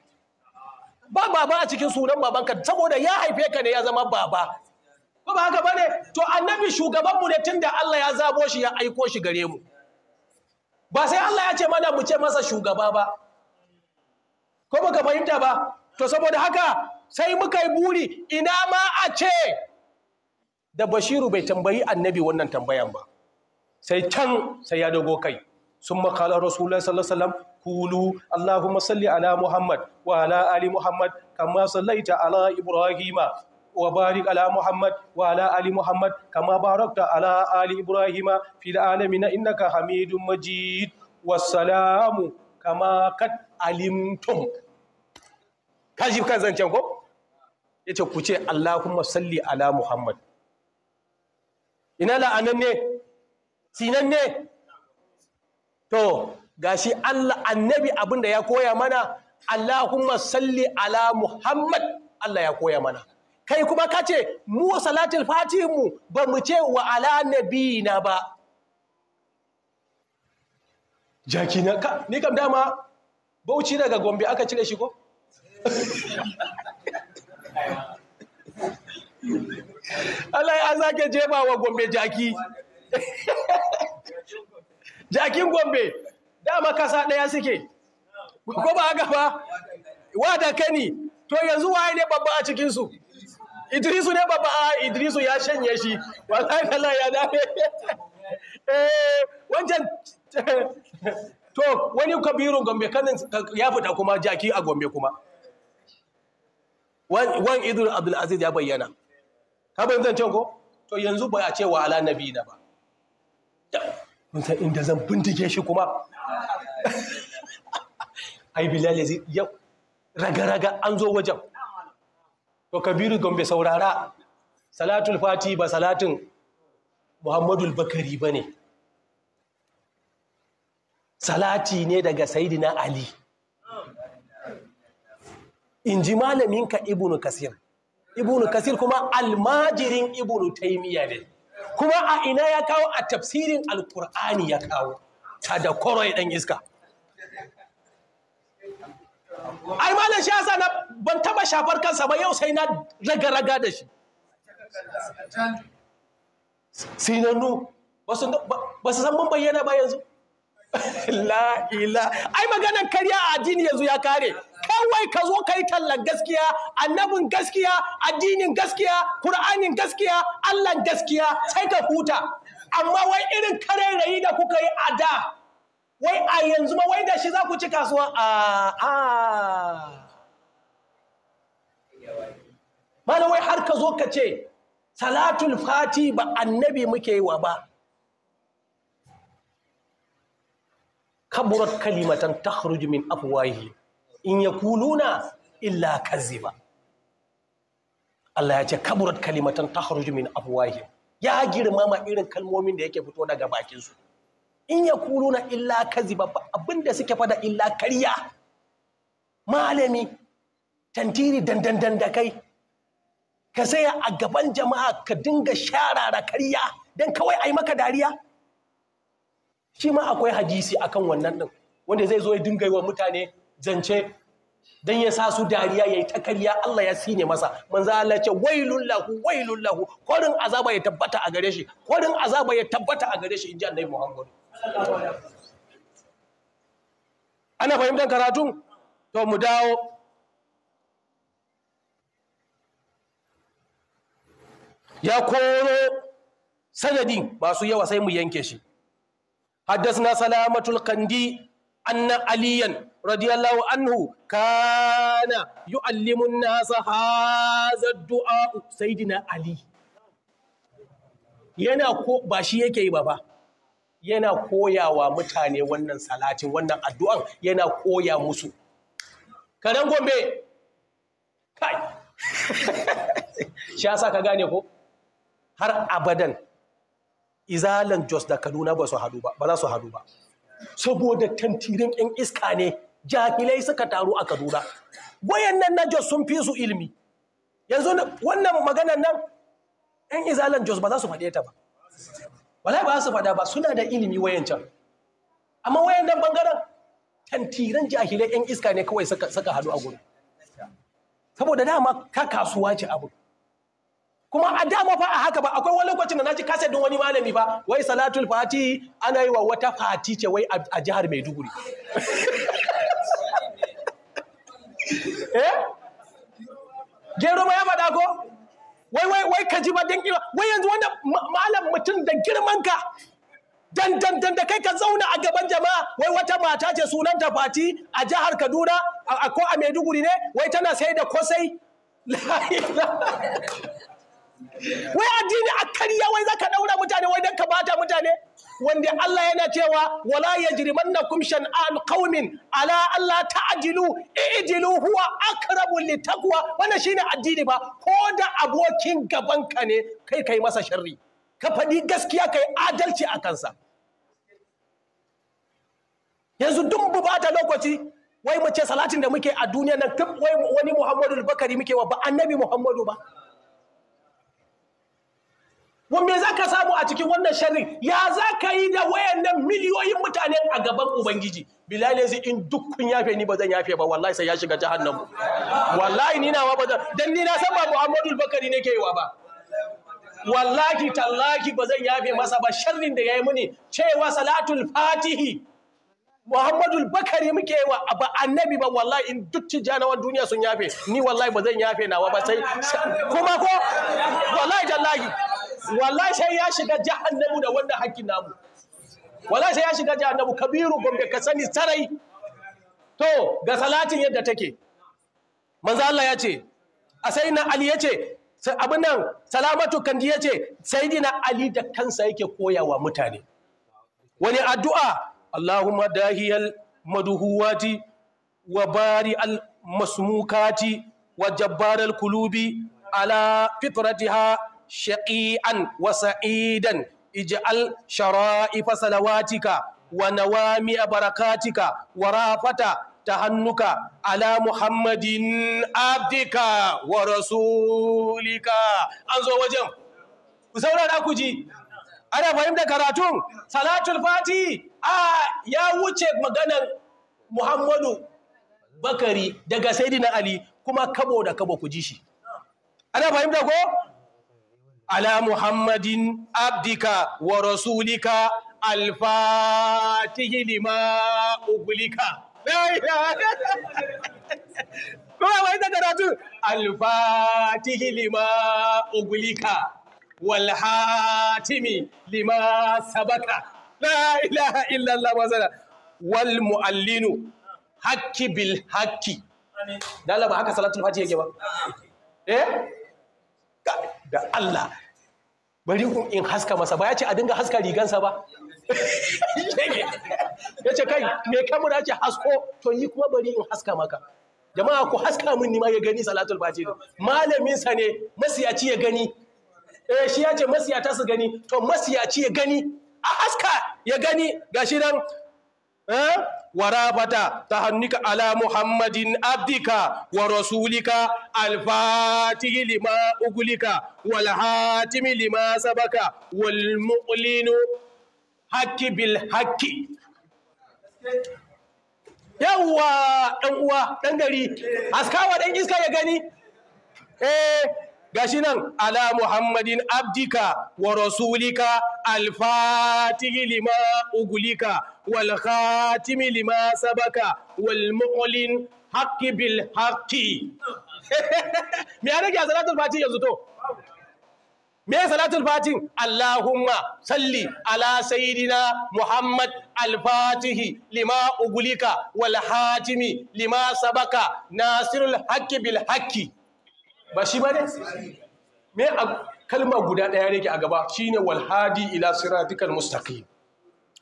ba baba a cikin sunan babanka saboda ya haife ka ne ya zama baba ko ba haka bane to annabi shugabanmu ne tunda Allah ya zabo shi ya aiko shi gare mu ba sai Allah ya ce mana mu ce masa shugaba ba ko baka fahimta ba to saboda haka sai muka yi buri ina ma a ce da Bashiru bai tambayi annabi wannan tambayan ba sai can sai ya dogo kai sun makalar rasulun sallasallam kulu allahumma salli ala muhammad wa ala ali muhammad kama sallaita ala ibrahima wa barik ala muhammad wa ala ali muhammad kama barakta ala ali ibrahima fil alamin innaka hamidum majid wassalamu kama kad alimtum kaji kan zancen ko yace ku ce allahumma salli ala muhammad ina la'anan ne Sinan ne? to gashi Allah annabi abinda ya koya mana Allahumma salli ala Muhammad Allah ya koya mana kai kuma kace mu salatul fatihi mu ba mu ce wa ala nabina ba jaki na ka ni kam dama bauchi daga gombe aka cire shi ko Allah ya zake jefa wa gombe jaki jakin gombe dama kasa ɗaya suke ko ba haka ba wada kani to yanzu waye ne babba a cikinsu idrisu ne babba a idrisu ya shanye shi wallahi Allah ya dame eh wancan to wani kabirun gombe kanin ya fita kuma jaki a gombe kuma wan idrisu abdul aziz ya bayyana ka bayyana zan ce ko to yanzu ba a ce wa ala na ba mun san inda zan bindige shi kuma ai bilal ya raga-raga an zo wajen to kabiru gombe saurara salatul fati ba salatin Muhammadu bakari ba ne salati ne daga saidina ali in ji malaminka ibnu kasir ibnu kasir kuma almajirin ibnu taimiyya ne kuma a ina ya kawo a tafsirin alkur'ani ya kawo ta da koro dan iska ai malam shi yasa na ban taba shafar kansa ba yau sai na raga raga da shi nu ba su san mun bayyana ba yanzu la ila ai maganan karya a addini yanzu ya kare kawai ka zo ka yi tallan gaskiya annabin gaskiya addinin gaskiya kur'anin gaskiya allan gaskiya sai ka huta amma wai irin kare rayu da kuka yi a da wai a yanzu ma wai da shi za ku ci kasuwa a a malam wai har ka zo ka ce salatul fati ba annabi muke yi wa ba kaburat kalimatan takhruj min afwahi in ya kuluna illa kaziba Allah ya ce kaburat kalimatan ta min afwahihim ya girmama irin kalmomin da yake fito daga bakin su in na illa kaziba abinda suke fada illa karya malami tantiri dandandan da kai ka saya a gaban jama'a ka dinga sharara karya don kawai a yi maka dariya shi ma akwai hadisi akan wannan din wanda zai zo ya dinga yi wa mutane zance don ya sa su dariya ya yi takariya Allah ya sine masa manza Allah ce wailun lahu wailun lahu korin azaba ya tabbata a gare shi korin azaba ya tabbata a gare shi inji Annabi muhammadu. ana fahimtar karatu to mu dawo ya koro sanadin masu yawa sai mu yanke shi na salamatul kandi anna aliyan radiyallahu anhu kana yu'allimun nasa haza du'a sayyidina ali yana ko ba shi yake yi ba ba yana koyawa mutane wannan salatin wannan addu'an yana koya musu karan gombe kai shi yasa ka gane ko har abadan izalan jos da kaduna ba su hadu ba ba za su hadu ba saboda tantirin yan iska ne jahilai suka taru a kaduna wayannan na jos sun fi su ilimi yanzu wannan maganar nan yan izalan jos ba za su faɗe ta ba wala ba su faɗa ba suna da ilimi wayancan amma wayannan bangaren tantiran jahilai yan iska ne kawai suka hannu a gudu saboda dama ka kasuwa ce abu kuma a dama fa a haka ba akwai wani lokacin da na ji kase don wani malami ba wai salatul fati ana yi wa wata fati ce wai a jihar maiduguri eh gero ba ya faɗa ko wai wai wai ka ji ba dan kila wai yanzu wannan malam mutum da girman ka dan dan dan da kai ka zauna a gaban jama'a wai wata mata ce sunanta Fati a jihar Kaduna a ko a Maiduguri ne wai tana sai da kosai wai addini a karya wai zaka daura mutane wai dan ka bata mutane wanda Allah yana cewa wala yajrimannakum shan'an qaumin ala Allah ta'jilu ijilu huwa aqrabu litaqwa wannan shine addini ba ko da abokin gaban ka ne kai kai masa sharri ka faɗi gaskiya kai adalci a kansa yanzu dun bubata lokaci wai mu ce salatin da muke a duniya nan wai wani Muhammadu Bakari muke wa ba annabi Muhammadu ba wa me za ka samu a cikin wannan sharrin ya za ka yi da wayannan miliyoyin mutane a gaban ubangiji bilal yanzu in kun yafe ni ba zan yafe ba wallahi sai ya shiga jahannamu wallahi ni nawa ba zan dan ni na san ba muhammadu bakari ne ke yi wa ba wallahi tallahi ba zan yafe masa ba sharrin da yayi mini cewa salatul fatihi Muhammadu Bakari muke wa ba annabi ba wallahi in duk tijanawan duniya sun yafe ni wallahi ba zan yafe nawa ba sai kuma ko wallahi tallaki. wallahi sai ya shiga jahannamu da wanda hakkin namu wallahi sai ya shiga jahannamu kabiru gombe ka sani sarai to ga salatin yadda take manzo Allah ya ce a sai na Ali ya ce abin nan salamatu kandi ya ce sayyidina Ali da kansa yake koyawa mutane wani addu'a Allahumma dahiyal maduhuwati wa bari al masmukati wa jabbaral kulubi ala fitratiha shaqi'an wa sa'idan ij'al shara'ifa salawatika wa nawami barakatika wa rafata tahannuka ala muhammadin abdika wa rasulika an zo wajen ku saurara ku ji ana fahimta karatun salatul fati a ya wuce maganan muhammadu bakari daga saidina ali kuma kabo da kabo ku ji shi ana fahimta ko ala muhammadin abdika wa rasulika alfatihi lima ugulika kuma wai alfatihi lima ugulika walhatimi lima sabaka la ilaha illallah wal muallinu hakki bil hakki haka salatul fatiha yake ba eh da Allah bari kun in haska masa ba ya ce a dinga haska rigansa ba ya ce kai me kamar ce hasko to yi kuma bari in haska maka jama'a ku haska min ma ya gani salatul fajr malamin sa ne masiyaci ya gani eh shi ya ce masiyata su gani to masiyaci ya gani a haska ya gani gashi nan eh ورابة تهنك على محمد عبدك ورسولك الفاتح لما أغلق والحاتم لما سبق والمؤلن حق بالحق yawwa ɗan uwa ɗan gari haskawa ɗan iska ya gani eh gashi nan ala muhammadin abdika wa rasulika alfatihi lima ugulika wal khatimi lima sabaka wal mu'lin haqqi bil haqqi me ya rage salatul fati yanzu to me salatul fati allahumma salli ala saidina muhammad alfatihi lima ugulika wal hatimi lima sabaka nasirul haqqi bil haqqi ba shi ba ne me a kalma guda ɗaya yake a gaba Shi ne walhadi ila siratikal mustaqim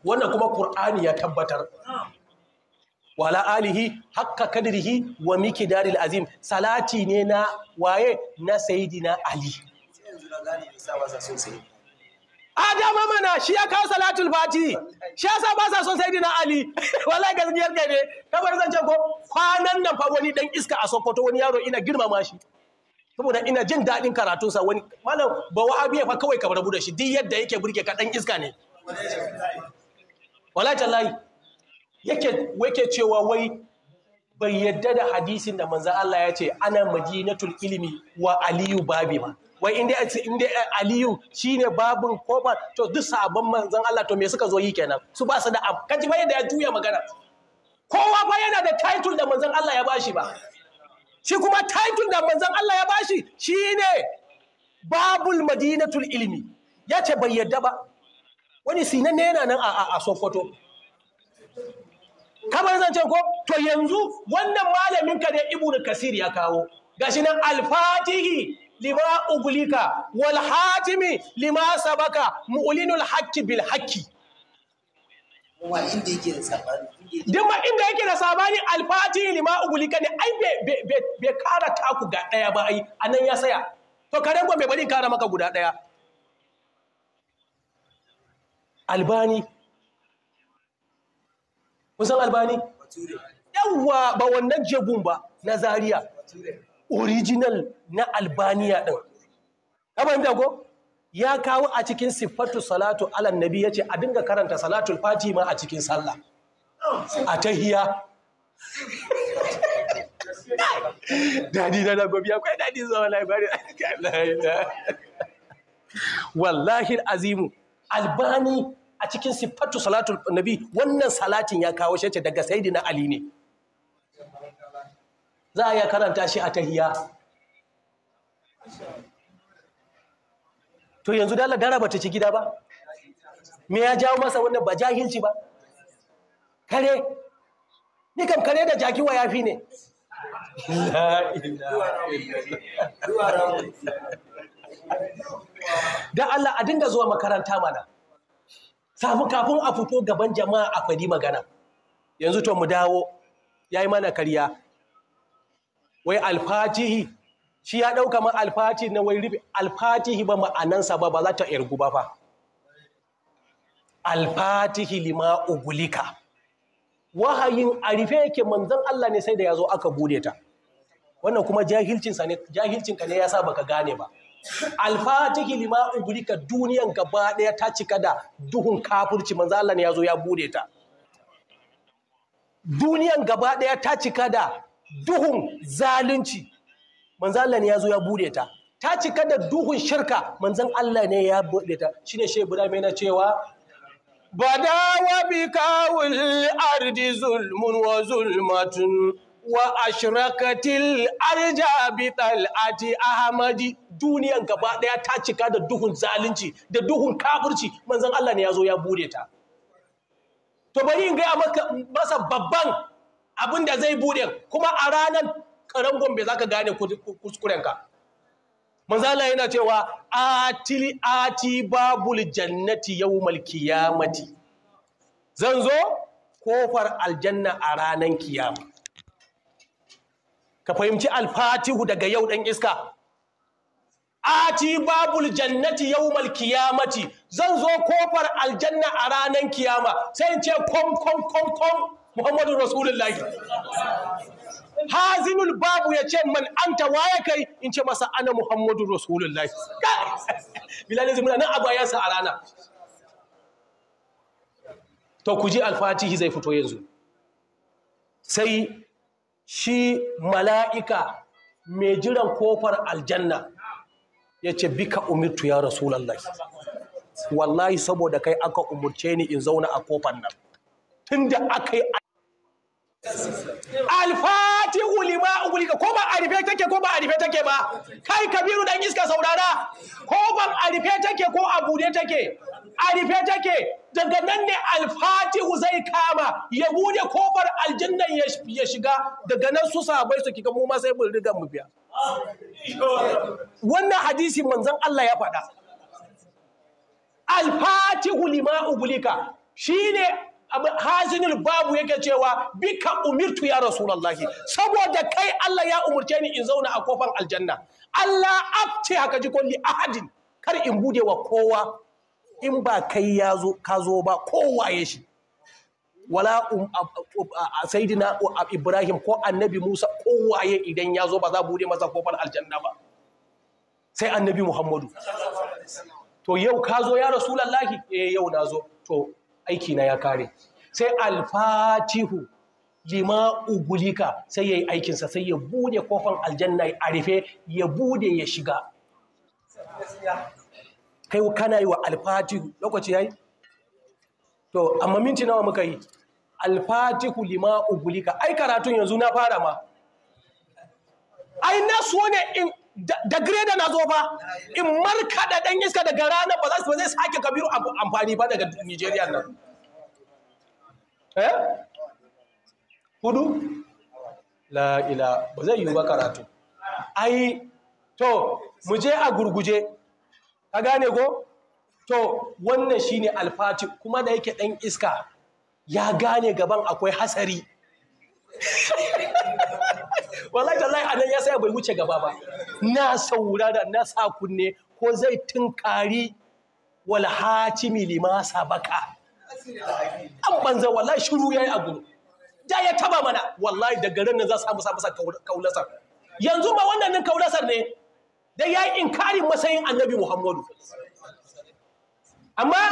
wannan kuma Kur'ani ya tabbatar wala alihi hakka kadrihi wa miqdaril azim salati ne na waye na sayidina ali Adama mana shi ya kawo salatul fati shi yasa ba sa son sayidina ali wala gaskiyar ne kamar zan ce ko kwanan nan fa wani dan iska a Sokoto wani yaro ina girmama shi saboda ina jin daɗin karatun sa wani malam ba wa abiya fa kawai ka rabu da shi duk yadda yake burge ka dan iska ne wallahi tallahi yake wake cewa wai bai yadda da hadisin da manzo Allah ya ce ana madinatul ilmi wa aliyu babi ba wai inda inda aliyu shine babun kofa to duk sabon manzon Allah to me suka zo yi kenan su ba su da kaji ba yadda ya juya magana kowa ba yana da title da manzon Allah ya bashi ba shi kuma taitun da manzon Allah ya bashi Shi ne. babul madinatul ilimi. ya ce bai yadda ba wani sinan ne yana nan a sofoto kamar zance ce ko to yanzu wannan malamin ka ne ibnu kasir ya kawo gashi nan alfatihi lima ugulika wal hatimi lima sabaka mu'linul haqqi bil haqqi wa inda yake duk ma inda yake da sabani alfati ma ugulika ne ai bai kara taku ga ɗaya ba ai anan ya saya to karen me bari kara maka guda daya albani kun san albani yawwa ba wannan jegun ba na zaria original na albaniya din kamar da ko ya kawo a cikin siffatu salatu alan nabi ya ce a dinga karanta salatul fatima a cikin sallah a hiya, dadi na akwai dadi zama labari wallahi azimu albani a cikin siffatu salatu nabi wannan salatin ya kawo shi daga saidi na ali ne za a iya karanta shi a tahiya to yanzu dala dara ta ci gida ba me ya jawo masa wannan ba jahilci ba kare ni kam kare da jaki ya fi ne da Allah a dinga zuwa makaranta mana samu kafin a fito gaban jama'a a fadi magana yanzu to mu dawo yayi mana karya wai alfatihi shi ya ɗauka ma alfatihi na wai rufe alfatihi ba ma'anansa ba ba za ta irgu ba fa alfatihi lima ugulika wahayin a rufe yake manzan Allah ne sai da ya zo aka bude ta wannan kuma jahilcinsa ne jahilcinka ne ya sa baka gane ba alfatihi lima ugrika duniyan gaba daya ta cika da duhun kafirci manzan Allah ne ya zo ya bude ta duniyan gaba daya ta cika da duhun zalunci manzan Allah ne ya zo ya bude ta ta cika da duhun shirka manzan Allah ne ya bude ta shine shebura mai na cewa بدا وبكاو الأرض ظلم وظلمة وأشركت الأرض بطلعة أحمد duniyan gaba daya ta cika da duhun zalunci da duhun kafirci manzon Allah ne ya zo ya bude ta to bari in ga masa babban abin da zai buɗe kuma a ranar karan gombe zaka gane kuskurenka manzala yana cewa atili ati babul jannati yawmal qiyamati zan zo kofar aljanna a ranan kiyama ka fahimci alfatihu daga yau dan iska ati babul jannati yawmal qiyamati zan zo kofar aljanna a ranan kiyama sai in ce kom kom kom kom muhammadu rasulullahi hazinul babu ya ce man anta waye kai in ce masa ana muhammadu rasulullahi bilal yanzu muna nan abu a rana to ku ji alfatihi zai fito yanzu sai shi mala'ika mai jiran kofar aljanna ya ce bika umirtu ya rasulullahi wallahi saboda kai aka umurce ni in zauna a kofar nan tun da aka yi alfatihu lima ugulika ko ba a rufe take ko ba take ba kai kabiru dan iska saurara ko ban a take ko a bude take a take daga nan ne alfatihu zai kama ya bude kofar aljanna ya shiga daga nan su sabai su kika mu ma sai mun riga mu biya wannan hadisi manzon Allah ya faɗa alfatihu lima ugulika shine hazinul babu yake cewa bika umirtu ya rasulullahi saboda kai Allah ya umurce ni in zauna a kofar aljanna Allah abce haka ji kulli ahadin kar in bude wa kowa in ba kai ya zo ka zo ba kowa ya shi wala um, sayidina Ibrahim ko annabi Musa kowa ya idan ya zo ba za bude masa kofar aljanna ba sai annabi Muhammadu to yau ka zo ya rasulullahi eh yau na zo to aiki na ya kare sai alfatihu lima ugulika sai yayi yi aikinsa sai ya bude kofan aljanna a rufe ya bude ya shiga kai kana yi wa alfatihu lokaci ya yi to amma minti nawa muka yi alfatihu lima ugulika ai karatun yanzu na fara ma ai nasu ne in da greda na zo ba in markaɗa ɗan iska daga rana ba za su zai sake kabiru amfani ba daga nigeria nan eh hudu la'ila ba zai yi ba karatu ai to mu je a gurguje ka gane ko to wannan shine alfati kuma da yake ɗan iska ya gane gaban akwai hatsari wallahi tallahi anan ya saya bai wuce gaba ba na saurara na sa kunne ko zai tunkari wal hatimi lima sabaka an banza wallahi shiru yayi a gudu da ya taba mana wallahi da garin nan za su samu sa kaulasar yanzu ma wannan nan kaulasar ne da yayi inkari masayin annabi Muhammadu amma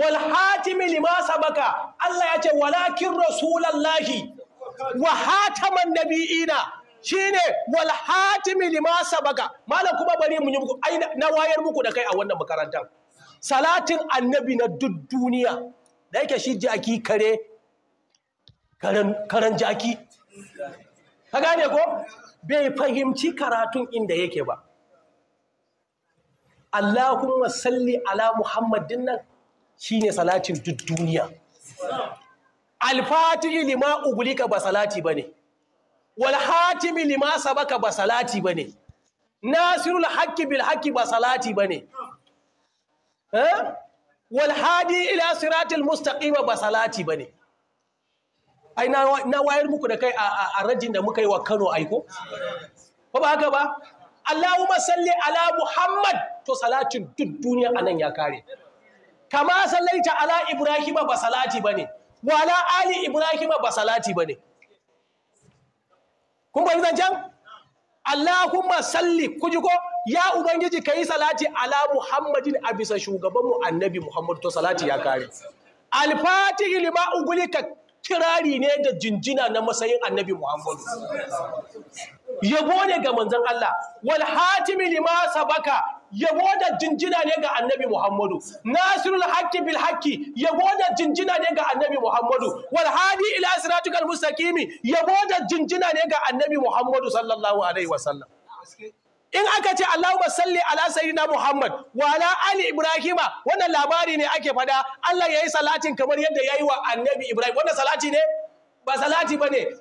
wal hatimi lima sabaka Allah ya ce walakin rasulullahi wa hataman nabi'ina shine wal hatimi lima sabaka malam kuma bari mu yi muku ai na wayar muku da kai a wannan makarantar salatin annabi na duk duniya da yake shi jaki kare karan jaki ka gane ko bai fahimci karatun inda yake ba Allahumma salli ala Muhammadin nan shine salatin duk duniya Al-Fatihi lima ugulika ba salati bane wal hatimi lima sabaka ba salati bane nasirul haqqi bil haqqi ba salati bane eh wal hadi ila siratil mustaqima ba salati bane ai na wayar muku da kai a rajin da muka yi wa Kano aiko ba ba haka ba Allahumma salli ala Muhammad to salatin duk duniya anan ya kare kama sallaita ala Ibrahim ba salati bane wala ali Ibrahim ba salati bane kun fahimci zancen Allahumma salli ji ko ya ubangiji kayi salati ala Muhammadin a bisa mu annabi Muhammad to salati ya kare alfatihi lima ugulika kirari ne da jinjina na matsayin annabi Muhammad yabo ne ga manzon Allah wal hatimi lima sabaka yabo da jinjina ne ga annabi Muhammadu nasirul haqqi bil haqqi yabo da jinjina ne ga annabi Muhammadu wal hadi ila siratikal mustaqimi yabo da jinjina ne ga annabi Muhammadu sallallahu alaihi wasallam in aka ce Allahumma salli ala sayyidina Muhammad wa ala ali Ibrahima wannan labari ne ake fada Allah yayi salatin kamar yadda yayi wa annabi Ibrahim wannan salati ne ba salati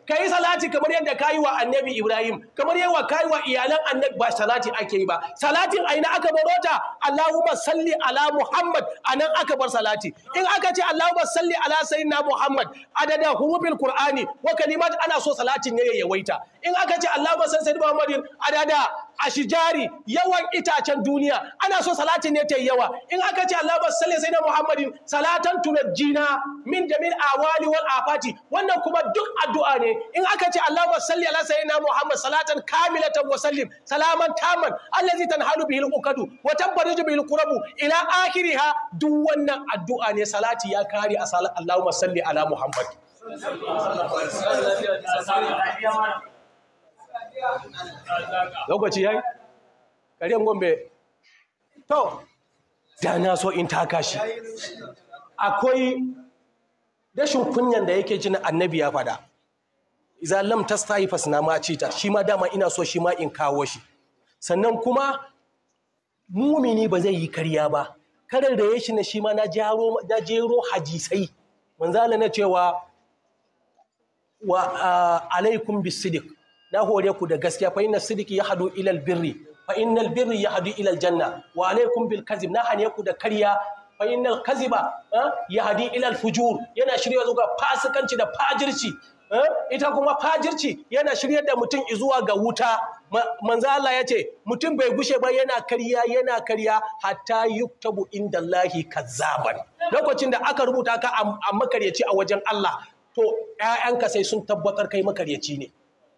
Ka yi salati kamar yadda yi wa annabi Ibrahim kamar yawa wa iyalan annabi ba salati ake yi ba salatin aina aka baro ta Allahumma salli ala Muhammad anan aka bar salati in aka ce Allahumma salli ala sayyidina Muhammad adada hurufil Qur'ani wa kalimat ana so salatin ne ya yawaita in aka ce Allahumma salli sayyidina Muhammadin adada jari yawan itacen duniya ana so salatin ne ta yi yawa in aka ce Allah bas salli sayyidina Muhammadin salatan tunajjina min jamil awali wal afati wannan kuma duk addu'a ne in aka ce Allah bas salli ala sayyidina Muhammad salatan kamilatan wa sallim salaman taman allazi tanhalu bihi uqadu wa tabarruju bihi al-qurabu ila akhiriha duk wannan addu'a ne salati ya kare a Allahumma salli ala Muhammad lokaci yi ƙaryan gombe to da na so in taka shi akwai dashin kunyan da yake jin annabi ya fada iza lam tastahi fasna ma cita shi ma dama ina so shi ma in kawo shi sannan kuma mumini ba zai yi karya ba karar da ya shi na shi ma na jero hajisai manzala na cewa wa alaikum bisidik na hore ku da gaskiya fa inna sidiki yahdu ila albirri fa innal birri yahdu ila aljanna wa alaykum bil kazib na hane ku da kariya fa innal kaziba yahdi ila alfujur yana shirya zuwa fasikanci da fajirci ita kuma fajirci yana shiryar da mutum zuwa ga wuta manzo Allah ya ce mutum bai gushe ba yana karya yana karya hatta yuktabu inda Allahi kazzaban lokacin da aka rubuta ka a makaryaci a wajen Allah to 'ya'yanka sai sun tabbatar kai makaryaci ne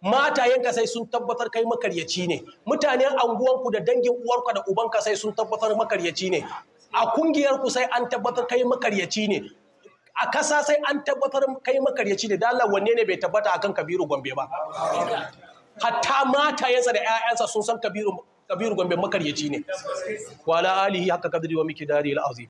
matayenka sai sun tabbatar kai makaryaci ne mutanen anguwanku da dangin uwarka da ubanka sai sun tabbatar makaryaci ne a kungiyarku sai an tabbatar kai makaryaci ne a kasa sai an tabbatar kai makaryaci ne dalar wanne ne bai tabbata akan kabiru gombe ba hatta matayensa da 'ya'yansa sun san kabiru kabiru gombe makaryaci ne wala alihi haka kadri wa mikidari al-azim